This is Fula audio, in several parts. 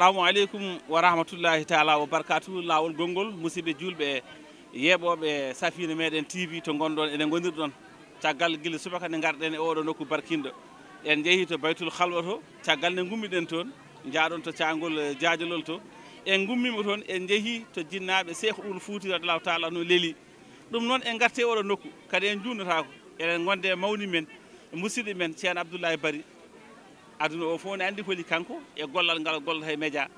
assalamu aleykum wa rahmatullahi taala wa barkatu lawol gongol musidɓe julɓe e yeɓoɓe safina meɗen tv to gonɗon eɗen gondir ɗon caggal guila subaka nde garɗen e oɗo nokku barkinɗo en jeehi to baytul halwa to caggal nde gummiɗen toon jaɗon to cagol eh, jajolol to en gummima toon en jeehi to jinnaɓe seeko ɗul fouti radiallahu taala no leeli ɗum noon en garte oɗo nokku kadi en jundotako eɗen gonde mawni men musidɗo men ceen abdoullahi bari aduna o fof ne andi holi kanko e gollal ngal gollata hay média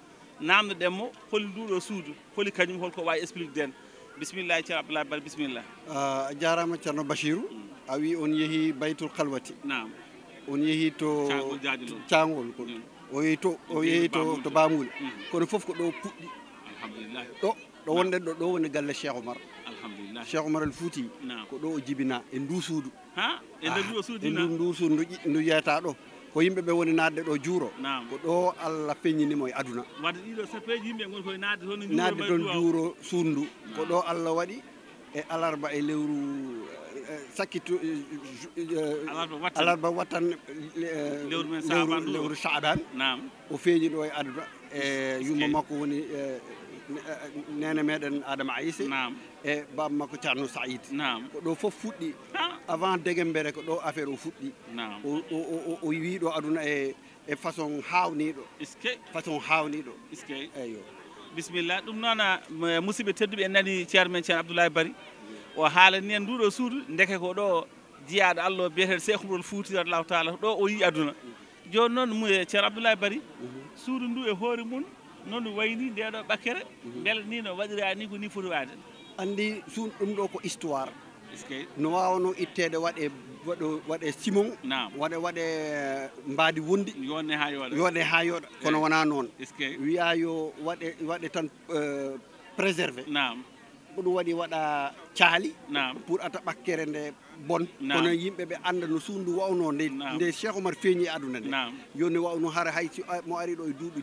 namdo demmo holi nduɗo suudu holi kañum holko wawi explique den bisimilla ceerno abdoulahi bal bisimillah a ah, jarama ceerno bachirou hmm. a wi on yeehi baytul khalwati nam on yeehi to cagol ko hmm. o yeehi to o yeehi to to bamul hmm. kono foof ko ɗo puɗɗi alhamdulillah ɗo ɗo wonɗen ɗo ɗo woni galle cheikh omar alhamdulillah cheikh oumar al fouti ko ɗo o jibina e ndu suudu ha e, ah, e ndu suudu ndu suudu ndu ɗo ko yimɓe ɓe woni naatde ɗo juuro ko ɗo allah feññinimo e aduna wadde ɗiɗo sappeji yimɓe gon koye naatde toon naatde toon juuro suundu ko ɗo allah waɗi e alarba e lewru e, e, sakkialarba e, wattan lewru lewru chaban o feeñi ɗo e aduna e yumma makko woni nene meɗen adama aissa nam e baba makko carno saïd nam ko ɗo foof fuɗɗi avant degembere ko ɗo affaire o fuɗɗi o wiiɗo aduna e e façon hawniɗo iske façon hawniɗo iske eyyo bisimillah ɗum noon musidɓe tedduɓe en nani ceerno men ceerno abdoulahi bari o haalani en nduɗo suudu ndeke ko ɗo jiyaɗo allah biyeten sekhoumrol fouti allahu taala ɗo o yi aduna joni noon e ceerno abdoulahi bari mhm. suudu ndu e hoore mum noon way ni nde ɗo ɓakkere mhm. bele ni no waɗirani ko ni foti wade andi sum ɗum ɗo ko histoire no wawano ittede waɗe waɗo waɗe simon waɗe waɗe eh, mbadi wondi yone ha yooɗa yone ha yooɗa kono wona noon wiya yo waɗe waɗe tan eh, préservé ko ɗum waɗi waɗa caali pour ata ɓakkere nde bon kono yimɓe ɓe anda no suundu wawno nde nde cheikh omar feeñi aduna nde yo ni wawno hara hay mo ari ɗo e duuɓi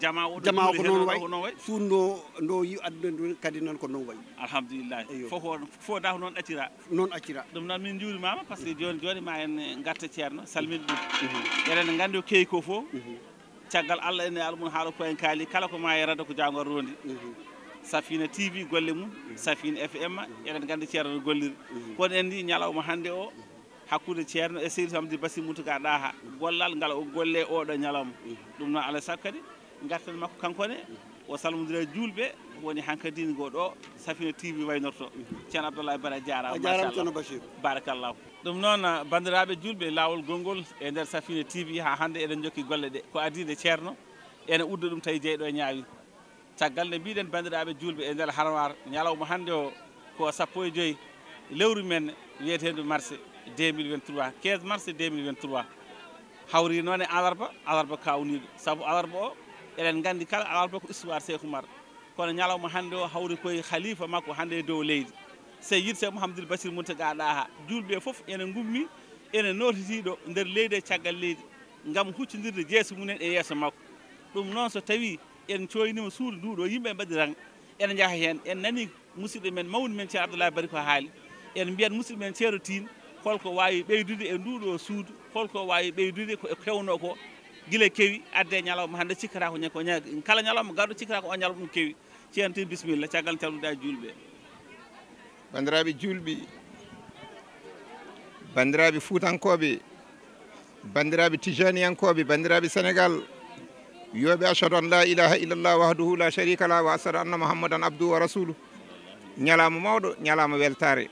jama o jama ko noon way suunno ndo yi aduna ndo kadi noon ko noon way alhamdulillahi fof fof da noon accira noon accira ɗum noon min juurimama par ce que joni joni ma en garta ceerno salmini ɗum mhm. eɗen gandi o keeyi ko fof mhm. caggal allah ene almum haala ko en kaali kala ko ma yarada e ko jangor rondi mhm. safina tv golle mum safina fm eɗen gandi ceerno no golliri kono en ni ñalawma hande o hakkude ceerno e séri samdi basi mutuka ɗa ha gollal ngal o golle oɗo ñalawma ɗum noon alay sago kadi gartan makko kanko ne o salmodira e juulɓe woni hankadini go ɗo safina tv waynorto ceerno abdoullah bara jaramaaaaceerno bachir barakallahu ɗum noon ah, bandiraɓe julɓe lawol gongol e, e nder safina tv ha hande eɗen jokki golle ɗe ko adide ceerno ene udda ɗum tawi jeeyɗo e ñaawi caggal nde mbiɗen bandiraɓe julɓe e nder harwar ñalawma hande o ko sappo e joyyi lewru men wiyetedu marché 2023 15 mars 2023 hawri noon e alarba alarba kawniɗo saabu alarba o eɗen nganndi kala alaa bako histoire cheikh oumar kono ñalawma hannde o hawri koye halifa makko hannde e dow leydi se yit se mouhamadoul basir mountaga ɗaha julɓe fof ene gummi ene notitiɗo nder leydi e caggal leydi gam huccodirde jeeso mumen e yeeso makko ɗum noon so tawi en coynima suudu nduɗo yimɓe mbaɗiran ene jaaha hen en nani musidɗo men mawni men ceer abdoulah bari ko haali en mbiyat musidɗo men ceerotin holko wawi ɓeydude e nduɗo suudu holko wawi ɓeydude ko e kewno ko Gile kewi adde ñalawma hande cikkata ko ñako kala ñalawma garɗo cikkata ko o ñalawma ɗum kewi ceyantin bisimilla bi calmiɗa bi Bandra bi bandiraɓe bi Bandra bi bandiraɓe sénégal bi ashhadu an la ilaha illallah wahduhu la sharika la wa ashhadu anna Muhammadan abduhu wa rasuluh ñalama mawɗo ñalama weltare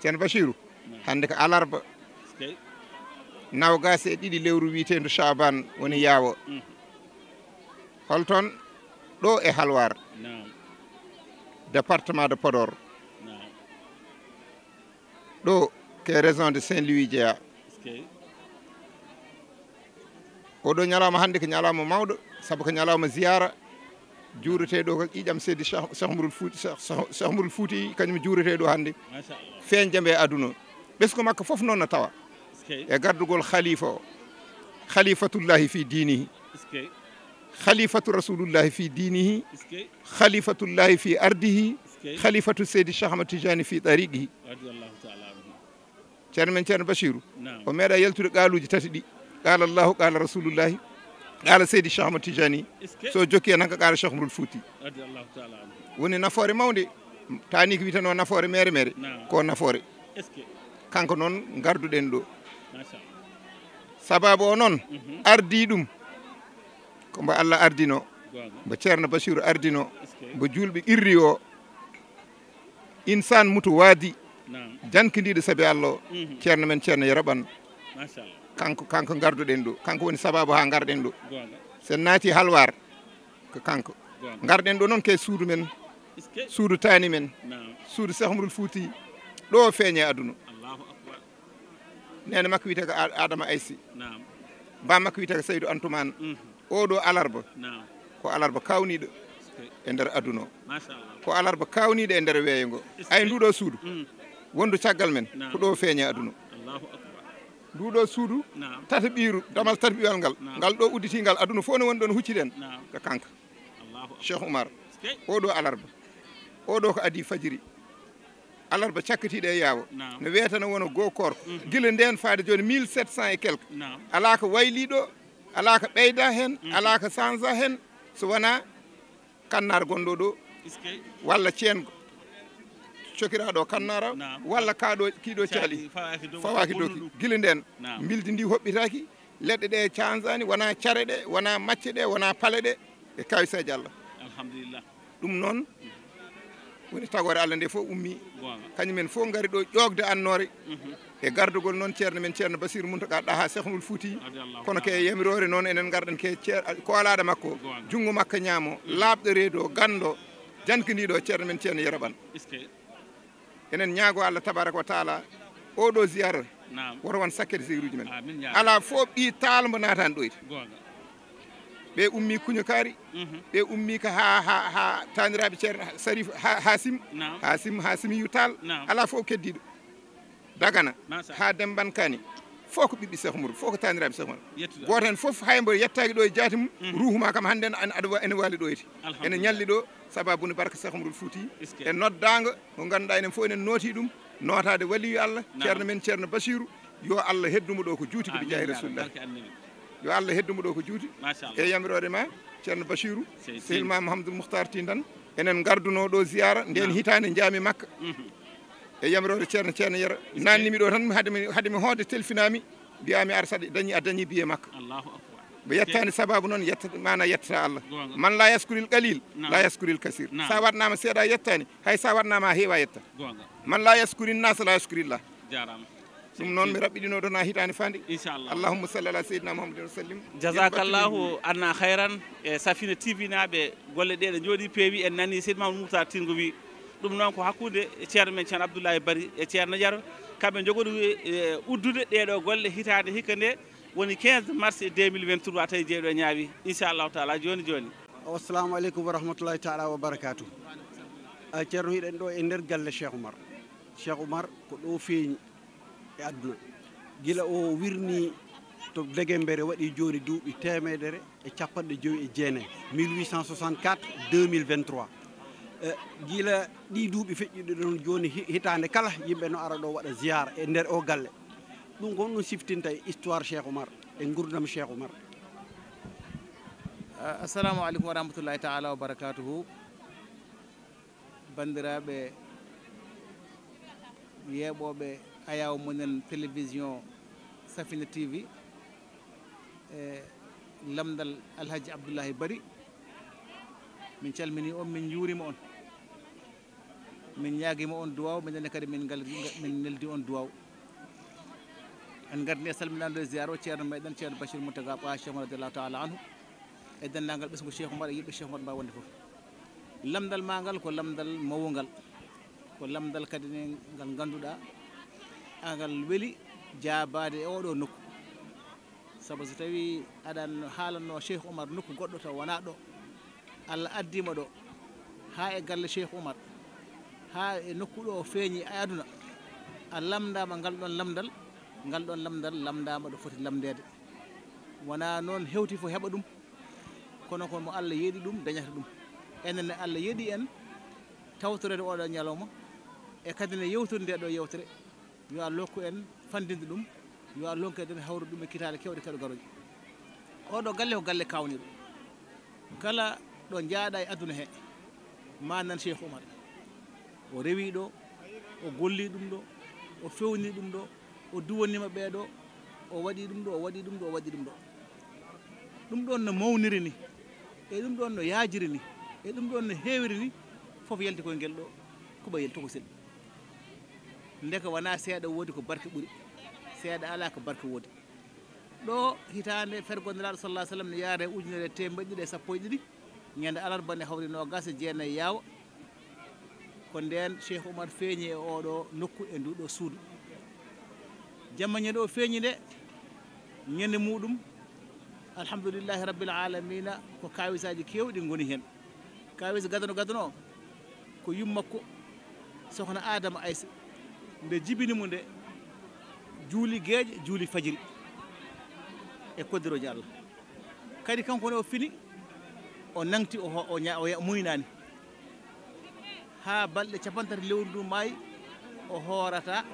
ceerno bashiru hande ko alarba nawgas e ɗiɗi lewru wiitendu chaban woni yaawo mm. holton ɗo e halwar département de podor ɗo ke raison de saint louis jeya oɗo ñalawma hannde ko ñalawma mawɗo saabu ko ñalawma ziyara juurete ɗo ko ƴiƴam seydi chehmourul fouti chehmourul fouti kañum e juurete ɗo hannde feñjembe e aduna ɓesgu makko fof noon no tawa e gardugol khalifa o khalifatullahi fi dinihi khalifatu rasulullahi fi dinihi khalifatullahi fi ardihi khalifatu seydi chahma tijani fi tariqihi ceerno men ceerno bachirou o meeɗa yaltude qaaluji tati ɗi qala llahu qala rasulullahi qala seydi chahma tijani so jokki en hanka qala chahmrul fouti woni nafoore mawde tani ko witano nafoore mere mere ko nafoore kanko noon garduɗen ɗo sababu o noon mhm. ardi ɗum ko mbo allah ardino mbo ceerno basiru ardino mbo juulɓe irri o insan mutu waadi jankidiɗo saabi allah o mhm. ceerno men ceerno yeroɓan kanko kanko garduɗen ɗo kanko woni sababu ha garɗen ɗo sen naati halwar ko kanko garɗen ɗo noon kay suudu men suudu taani men suudu sehmrul fouti ɗo feeñe aduna nene makko wiyete ko adama aysi ba makko wiyete ko saydou antoumane mhm. oɗo alarba ko alarba kawniɗo e nder aduna o ko alarba kawniɗo e nder weeyo ngo ay nduɗo suudu mm. wondu caggal men ko ɗo feeña e aduna nduɗo suudu tata ɓiru damal tata ɓiwal ngal ngal ɗo udditingal aduna fof no woni ɗon hucciɗen ko kanka cheikh oumar oɗo alarba oɗo ko adi fajiri alarba cakkatiɗe e yaawa no weetana wona goo korko mhm. gila nden faade joni mille sept cent et quelque ala ko wayliɗo ala ko ɓeyda hen mhm. ala ko change a hen so wona kannar gonɗo ɗo walla ceengo cokiraɗo kannara walla kaɗo kiɗo caali fawaki doki gila nden bildi ndi hoɓɓitaki leɗɗe ɗe e cangani wona care ɗe wona macce ɗe wona paale ɗe e kawisaji e allah alhamdulillah ɗum noon mhm. woni tagore allah nde foof ummi kañumen fof gari ɗo ƴogde annore mhm. e gardugol noon ceerno men ceerno basir muntaka ha sehnul fouti kono ke yamirore noon enen garɗen ke koolaɗo makko junngo makko ñaamo laaɓɗo reedo gando jankidiɗo ceerno men ceerno yeraɓan enen ñaago allah tabaraka wa taala oɗo ziyara woto won sakkete sigiruji men ala fof ɓi taalmbo natani ɗoyde ɓe ummi kaari ɓe mhm. ummi ka ha ha ha taniraɓe ceerno sarif hasim hasim hasim yutal ala fof keddiɗo dagana ha demban kani fof ko ɓiɓɓi sehmuru fof ko taniraɓe sehmuru goto hen foof hay yettaki ɗo e jaati mum mhm. ruhuma kam hande aɗa ene wali ɗo eti ene ñalli ɗo sababunde barka sehmurul fouti e noddago ko ganduɗa enen foof enen nooti ɗum notade waliyu allah ceerno men ceerno basiru yo allah heddumo ɗo ko juuti koɓe jaahi rasulillah yo allah heddumo ɗo ko juuti eyyi yamiroɗe ma ceerno bachiru sehilma mouhamadou mouhtar tindan enen gardouno ɗo ziyara nden hitande jaami makka mhm. e yamiroɗe ceerno ceerno yera nannimi ɗo tan haademi haademi hoode telfinami mbiyami ar sa dañi a dañi biye makka mo yettani sababu noon yetta mana yettata allah man la yaskuril qalil la yaskuril kasir sa waɗnama seeɗa yettani hay sa waɗnama a heewa yetta man la yaskuri nas la yaskurillah jarama ɗum noon mi raɓɓiɗino ɗon ha hitande fandi inchallah allahumma salli ala seydina mahamadin wa sallim jasakallahu anna hayran e safina tv naɓe golle ɗe ɗe jooɗi peewi en nani seydi mahamadou mourta tingo wi ɗum noon ko hakkude e ceerno men ceerno abdoullahi bari e ceerno jaro kamɓe jogoɗo e uddude ɗeɗo golle hitande hikka nde woni 15 mars 2023 tawi jeeyɗo e ñaawi inchallahu taala joni joni assalamu aleykum wa rahmatullahi taala wa barakatuh ceerno hiɗen ɗo e nder galle cheikh oumar cheikh oumar ko ɗo feeñi e aduna gila o wirni to legembere waɗi joni duuɓi temedere e capanɗe joyi e jeenayyi 1864 2023 Uh, gila ɗi duuɓi feƴƴiɗe ɗon joni hitande kala yimɓe no ara ɗo waɗa ziyara e nder o galle ɗum ko honɗum siftinta e histoire cheikh oumar e gurdam cheikh oumar uh, assalamu aleykum wa rahmatullahi taala wa barakatuhu bandiraɓe yeɓoɓe a yaw munen télévision safina tv e lamdal alhaji abdoullahi bari min calmini on min juurima on min ñaguima on duwaw minenne kadi min gal min neldi on duwaw en gardini e salminade e ziyara o ceerno meɗen ceerno bachir moutaga ɓa cheikh mo radiallahu taala anhu e dendagal ɓesgo cheikhu mbaɗa e yiɗɗo cheikhu mbaɗa mbawi wonde foof lamdal ma ngal ko lamdal mawugal ko lamdal kadi ne ngal ganduɗa agal weeli jabade e oɗo nokku saabu so tawi aɗan haalanno cheikh oumar nokku goɗɗo taw wona ɗo allah addima ɗo ha e galle cheikh oumar ha e nokku ɗo feeñi e aduna a lamdama ngal ɗon lamdal ngal ɗon lamdal lamdama ɗo foti lamdede wona noon hewti fo heɓa ɗum kono ko mo allah yeeɗi ɗum dañata ɗum enenne allah yeeɗi en tawtorede oɗo ñalawma e kadi ne yewtorde nde e ɗo yewtere yo a lokku en fandinde ɗum yo a lonkeden hawru ɗum e kitaale kewɗe kaɗo garoje oɗo galle ko galle kawniɗo kala ɗo jaaɗa e aduna he ma nan cheikh oumar o rewi ɗo o golli ɗum ɗo o fewni ɗum ɗo o duwonima ɓeeɗo o waɗi ɗum ɗo o waɗi ɗum ɗo o waɗi ɗum ɗo ɗum ɗon no mawniri ni e ɗum ɗon no yaajiri ni e ɗum ɗon no heewiri ni fof yalti koye ngel ɗo koɓa yalti ko selɗi ndeka wona seeɗa woodi ko barke ɓuuri seeɗa ala ko barke woodi ɗo hitande fergodiraɗo salalah sallam ne yaare ujunere temɓeɗe ɗiɗi e sappo e ɗiɗi ñande alarbane hawri nogas e jeenayi e yaawa ko nden cheikh oumar feeñi e oɗo nokku e nduɗo suudu jammañande o feeñi nde ñande muɗum alhamdoulillahi rabbil alamina ko kawisaji kewɗi goni hen kawis gadano gadano ko yummakko sokhna adama aysa nde jibinimo nde juuli gueeƴe juuli fajiri e koddiroje allah kadi kanko ne o fini o nangti o muynani ha balɗe capantati lewru ndu maayi o hoorata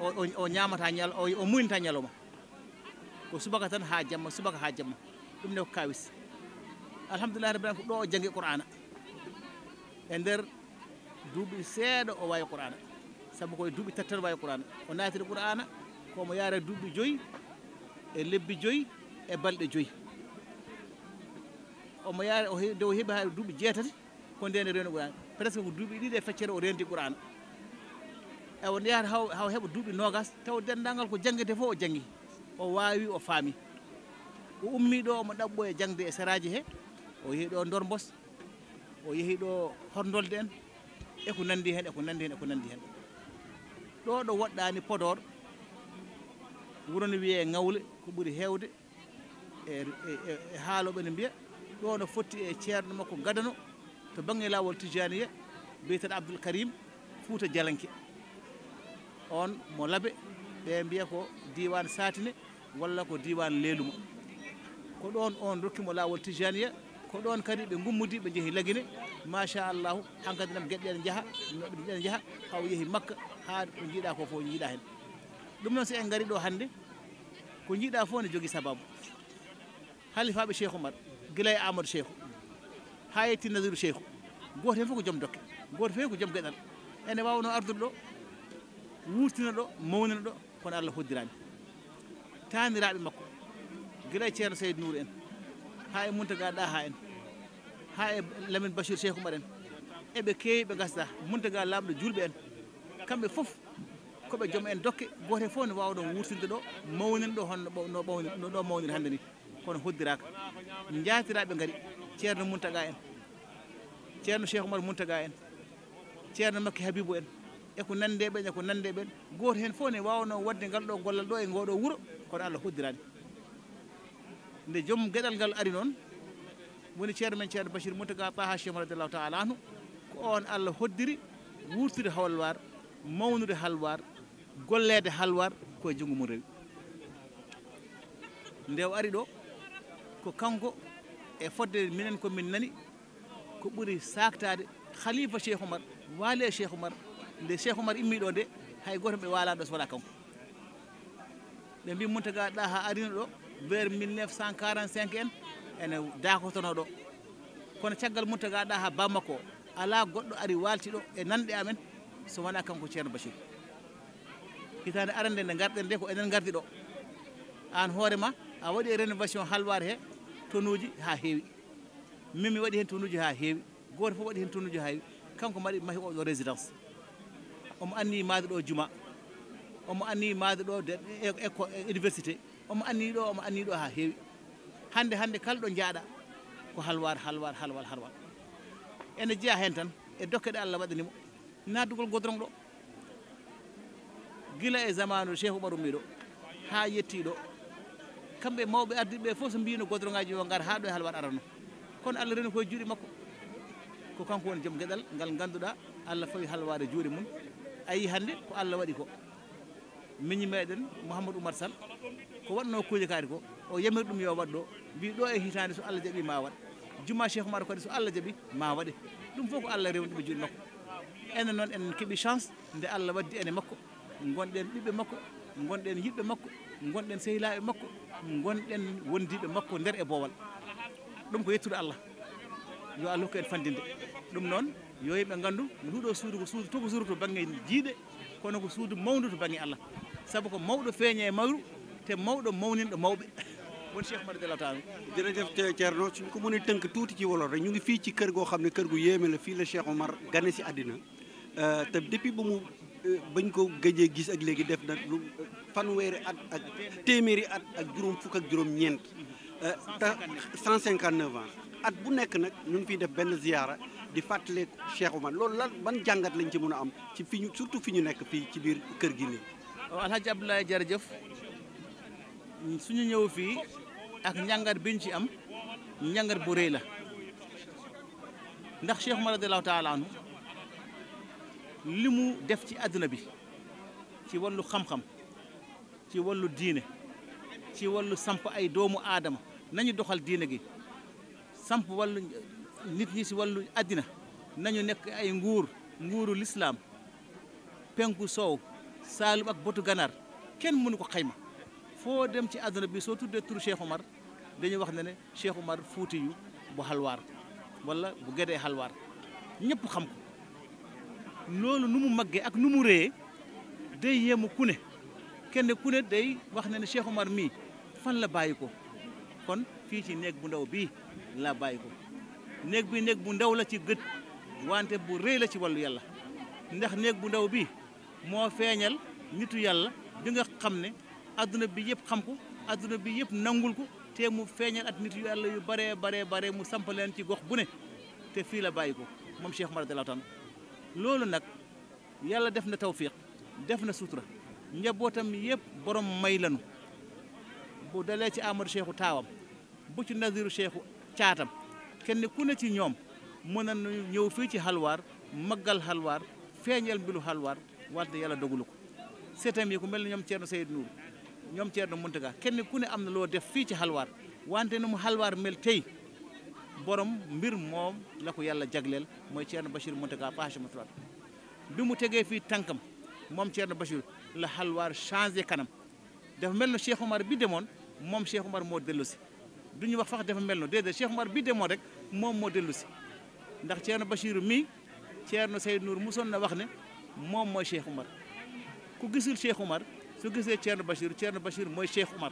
o ñamata ñal o muynata ñalowma ko subaka tan ha jamma subaka ha jamma ɗum ne ko kawis alhamdulillah rabbi ko ɗo o jangue qur'ana e nder duuɓi seeɗa o wawi qur'ana sabu koye duuɓi tattan wawi qouran o natiri qourana komo yaara duuɓi joyyi e lebbi joyyi e balɗe joyyi omo yaara nde o heeɓi ha duuɓi jeetati ko ndene rewni qourana presque ko duuɓi ɗiɗi e feccere o rendi qourana e o yahata haw haw heeɓa duuɓi nogas taw dendangal ko jangguete fof o jangi o wawi o faami o ummi ɗo omo ɗaɓɓo e jangde e saraji he o yehi ɗo dormbos o yehi ɗo horndolde en eko nandi hen eko nandi hen eko nandi hen ɗo ɗo woɗɗani podor wuro no wiye ŋawle ko ɓuuri hewde e, e, e, e haaloɓe ne mbiya ɗo no fotti e ceerno makko gadano to bange lawol tijaniya mbiyeten abdoul karim fouta dialanke on mo laabe ɓe mbiya ko diwan satine walla ko diwan leeluma ko ɗon on rokkimo lawol tijaniya ko ɗon kadi ɓe gummudi ɓe jeehi laguine machallahu hankkadi nam gueɗe ɗe jaaha noɓe ɗe jaaha haw yeehi makka ha ɗo jiiɗa ko fof jiiɗa hen ɗum noon si en gari ɗo hande ko jiiɗa fof ne jogui sababu halifaɓe cheikh oumar guila e amadou cheikhu ha yetti nasiru cheikhu goto hen fof ko joom dokke goto fof ko joom gueɗal ene wawno ardude ɗo wurtina ɗo mawnina ɗo kono allah hoddirani taniraɓe makko guila e ceerno saydou nour en ha e munta gaɗa ha en ha e lamin bachir cheikh oumar en eɓe kewi ɓe gasda muntaga lamɗo julɓe en kamɓe foof koɓe joom en dokke goto e fof ne wawɗo wurtinde ɗo mawnin ɗo honno ɓawni no ɗo mawnir hande ni kono hoddiraka jatiraɓe gaari ceerno muntaga en ceerno cheikh oumar muntaga en ceerno makke habibou en eko nande ɓen eko nande ɓen goto hen fof ne wawno wadde ngal ɗo gollal ɗo e ngoɗo wuuro kono allah hoddirani nde joom gueɗal ngal ari noon woni ceerno men ceerno bachir moutaga paha chemo radiallahu taala anu ko on allah hoddiri wurtude halwar mawnude halwar gollede halwar koye jungngo mum rewi nde o ari ɗo ko kanko e fodde minen komin nani ko ɓuri sactade halifa cheikh oumar waali e cheikh oumar nde cheikh oumar immi ɗo nde hay goto ɓe walaɗo so waɗa kanko ɓe mbi moutaga ɗa ha arino ɗo vers 1945 en ene dakotonoɗo kono caggal mutagaɗa ha bamma ko ala goɗɗo ari waltiɗo e nanɗe amen so wona kanko ceerno basir hitande arande nde garɗen nde ko enen gardi ɗo an hoorema a waɗi e rénovation halwade he tonuji ha heewi min mi waɗi hen tonuji ha heewi goto foof waɗi hen tonuji ha heewi kanko mbaɗi mahi oɗo résidence omo anni maade ɗo juma omo anni maade ɗo e école e, e, université omo annii ɗo omo annii ɗo haa heewi hannde hannde kala ɗo njaaɗa ko halwar halwar halwar halwar ene jeya heen tan e dokkeɗe allah waɗanimo naatdugol godron ɗo gila e zamanu chef oumar ummiɗo haa yettii ɗo kamɓe mawɓe ardiɓe ɓe fof so mbino godron ngaji o ngar haa ɗo e halwar arano kono allah reni koye juuɗe makko ko kanko woni joom geɗal ngal ngannduɗa allah fawi halwaade juuɗe mum a yiyi hannde ko allah waɗi ko miñimeɗen mouhamadou oumar sall ko waɗno kuuje kaari ko o yamir ɗum yo waɗ ɗo mbi ɗo e hitaande so allah jaɓi ma waɗ juma cheikh omar kadi so allah jaɓi ma waɗe ɗum fof ko allah rewni ɗuɓe juuɗe makko enen noon en keeɓi chance nde allah waddi ene makko gonɗen ɓiɓɓe makko gonɗen yiɓɓe makko gonɗen sehilaɓe makko gonɗen wondiɓe makko nder e boowal ɗum ko yettude allah yo allah hokku en fandinde ɗum noon yo yimɓe ngandu nduɗo suudu ko suudu tokosuru to banggue jiiɗe kono ko suudu mawdu to banggue allah saabu ko mawɗo feeña e mawru te mawɗo mawninɗo mawɓe won Cheikh Mara Diallo Tall jërëjëf Thierno suñ ko mënee tënk tuuti ci wolof rek ñu ngi fii ci kër goo xam ne kër gu yéeme la fii la Cheikh Omar gane si àddina euh, te depuis ba mu euh, bañ ko gëjee gis ak léegi def na lu euh, fanweeri at ak téeméeri at ak juróom fukk ak juróom ñeent te 159 ans at bu nekk nag ñu ngi fiy def benn ziyaara di fàttaleek Cheikh Omar loolu lan ban jàngat lañ ci mën a am ci fi ñu surtout fi ñu nekk fii ci biir kër gi nii. waaw suñu ñëw fii ak njàngat biñ ci am njàngat bu rëy la ndax Cheikh Umar radiyallaahu taala li mu def ci àdduna bi ci wàllu xam-xam ci wàllu diine ci wàllu samp ay doomu aadama nañu doxal diine gi samp wàllu nit ñi ci wàllu àddina nañu nekk ay nguur nguuru lislaam penku soow saalum ak botu ganaar kenn mënu ko xayma foo dem ci àdduna bi soo tuddee tur Cheikh mar dañuy wax ne ne Cheikh Omar fuuti yu bu xalwaar wala bu gedee xalwaar ñëpp xam ko loolu nu mu màggee ak nu mu reyee day yéemu ku ne kenn ku ne day wax ne ne Cheikh Omar mii fan la bàyyi ko kon fii ci néeg bu ndaw bii la bàyyi ko néeg bi néeg bu ndaw la ci gët wante bu rëy la ci wàllu yàlla ndax néeg bu ndaw bi moo feeñal nitu yàlla bi xam ne adduna bi yëpp xam ko adduna bi yëpp nangul ko te mu feeñal at nit yu yàlla yu baree baree bare mu samp leen ci gox bu ne te fii la bàyyi ko moom Cheikh Oumar radiyallaahu loolu nag yàlla def na tawfiq def na sutura njabootam yëpp borom may lanu bu dalee ci Amadou Cheikhu taawam bu ci Naziru Cheikhu caatam kenn ku ne ci ñoom mën na ñëw fii ci xalwaar maggal xalwaar feeñal mbilu xalwaar wante yàlla dogalu ko seetam yi ku mel ni ñoom Thierno Seydou Nour ñoom Thierno Mountaga kenn ku ne am na loo def fii ci xalwaar wante na mu xalwaar mel tey borom mbir moom la ko yàlla jagleel mooy Thierno Bachir Mountaga pahamatrat bi mu tegee fii tànkam moom Thierno Bachir la xalwaar changé kanam def mel na Cheikh Omar bi demoon moom Cheikh Omar moo dellu si du ñu wax fax dafa mel na déedéet Cheikh Omar bi demoon rek moom moo dellu si ndax Thierno Bachir mii Thierno Seydou Nour mosoon na wax ne moom mooy Cheikh Omar ku su gisee Thierno Bachir Thierno Bachir mooy Cheikh Umar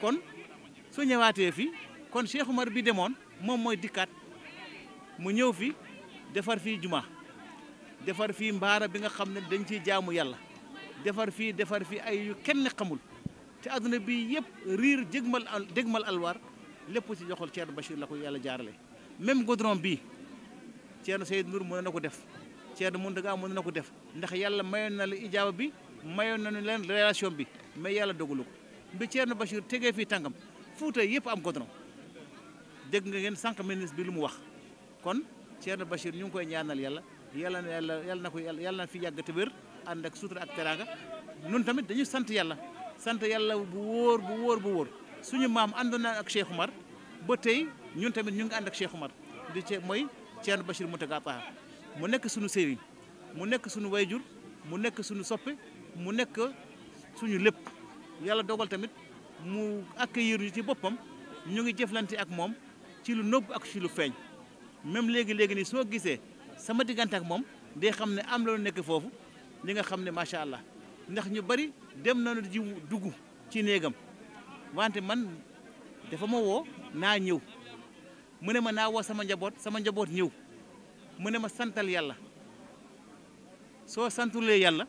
kon su ñëwaatee fii kon Cheikh Umar bi demoon moom mooy dikkaat mu ñëw fi defar fii juma defar fii mbaara bi nga xam ne dañ ciy jaamu yàlla defar fii defar fii ay yu kenn xamul te adduna bi yëpp riir jégmal al jégmal alwaar lépp ci joxol Thierno Bachir la ko yàlla jaarale même goudron bii Thierno Seydou Nour mën na ko def Thierno Mountaga mën na ko def ndax yàlla mayoon na la ijaaba bi mayoon na nañu leen relation bi mais yàlla dogalu ko bi Thierno Bachir tegee fii tàngam Fuuta yëpp am goudron dégg nga ngeen sànq ministre bi lu mu wax kon Thierno Bachir ñu ngi koy ñaanal yàlla yàlla na yàlla yàlla na ko yàlla na fi yàgg te wér ànd ak sutura ak teraanga ñun tamit dañuy sant yàlla sant yàlla bu wóor bu wóor bu wóor suñu maam àndoon na ak Cheikh Oumar ba tey ñun tamit ñu ngi ànd ak Cheikh Oumar di ce mooy Thierno Bachir Mountaga Tall mu nekk suñu sëriñ mu nekk suñu wayjur mu nekk suñu soppe mu nekk suñu lépp yàlla dogal tamit mu accueillir ñu ci boppam ñu ngi jëflante ak moom ci lu nëbb ak ci lu feeñ même léegi-léegi nii soo gisee sama diggante ak moom day xam ne am la lu nekk foofu li nga xam ne macha allah ndax ñu bari dem nañu ji dugg ci néegam wante man dafa ma woo naa ñëw mu ne ma naa woo sama njaboot sama njaboot ñëw mu ne ma santal yàlla soo santulee yàlla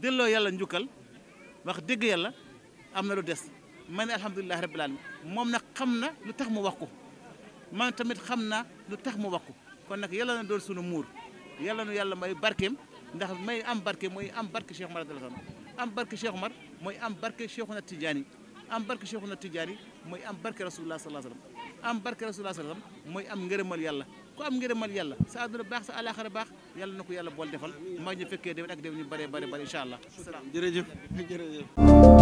dello yàlla njukal wax deug yàlla amna lu dess man alhamdullilah rabbil alamin mom nak xamna lu tax mu wax ko man tamit xamna lu tax mu wax ko kon nak yàlla na dool sunu mur yàlla nu yàlla may barkem ndax may am barke moy am barke Cheikh Omar radiyallahu anhu am barke Cheikh Omar moy am barke cheikh Cheikhuna tidiani am barke cheikh Cheikhuna tidiani moy am barke rasulullah sallallahu alaihi wasallam am barke rasulullah sallallahu alaihi wasallam moy am ngërëmal yàlla ko am ngërëmal yàlla sa àdduna baax sa alakhir baax yàlla na ko yàlla bool defal maa ñu fekkee déwén ak déwén ñu bëree bëri bëri incha allah. jërëjëf jërëjëf.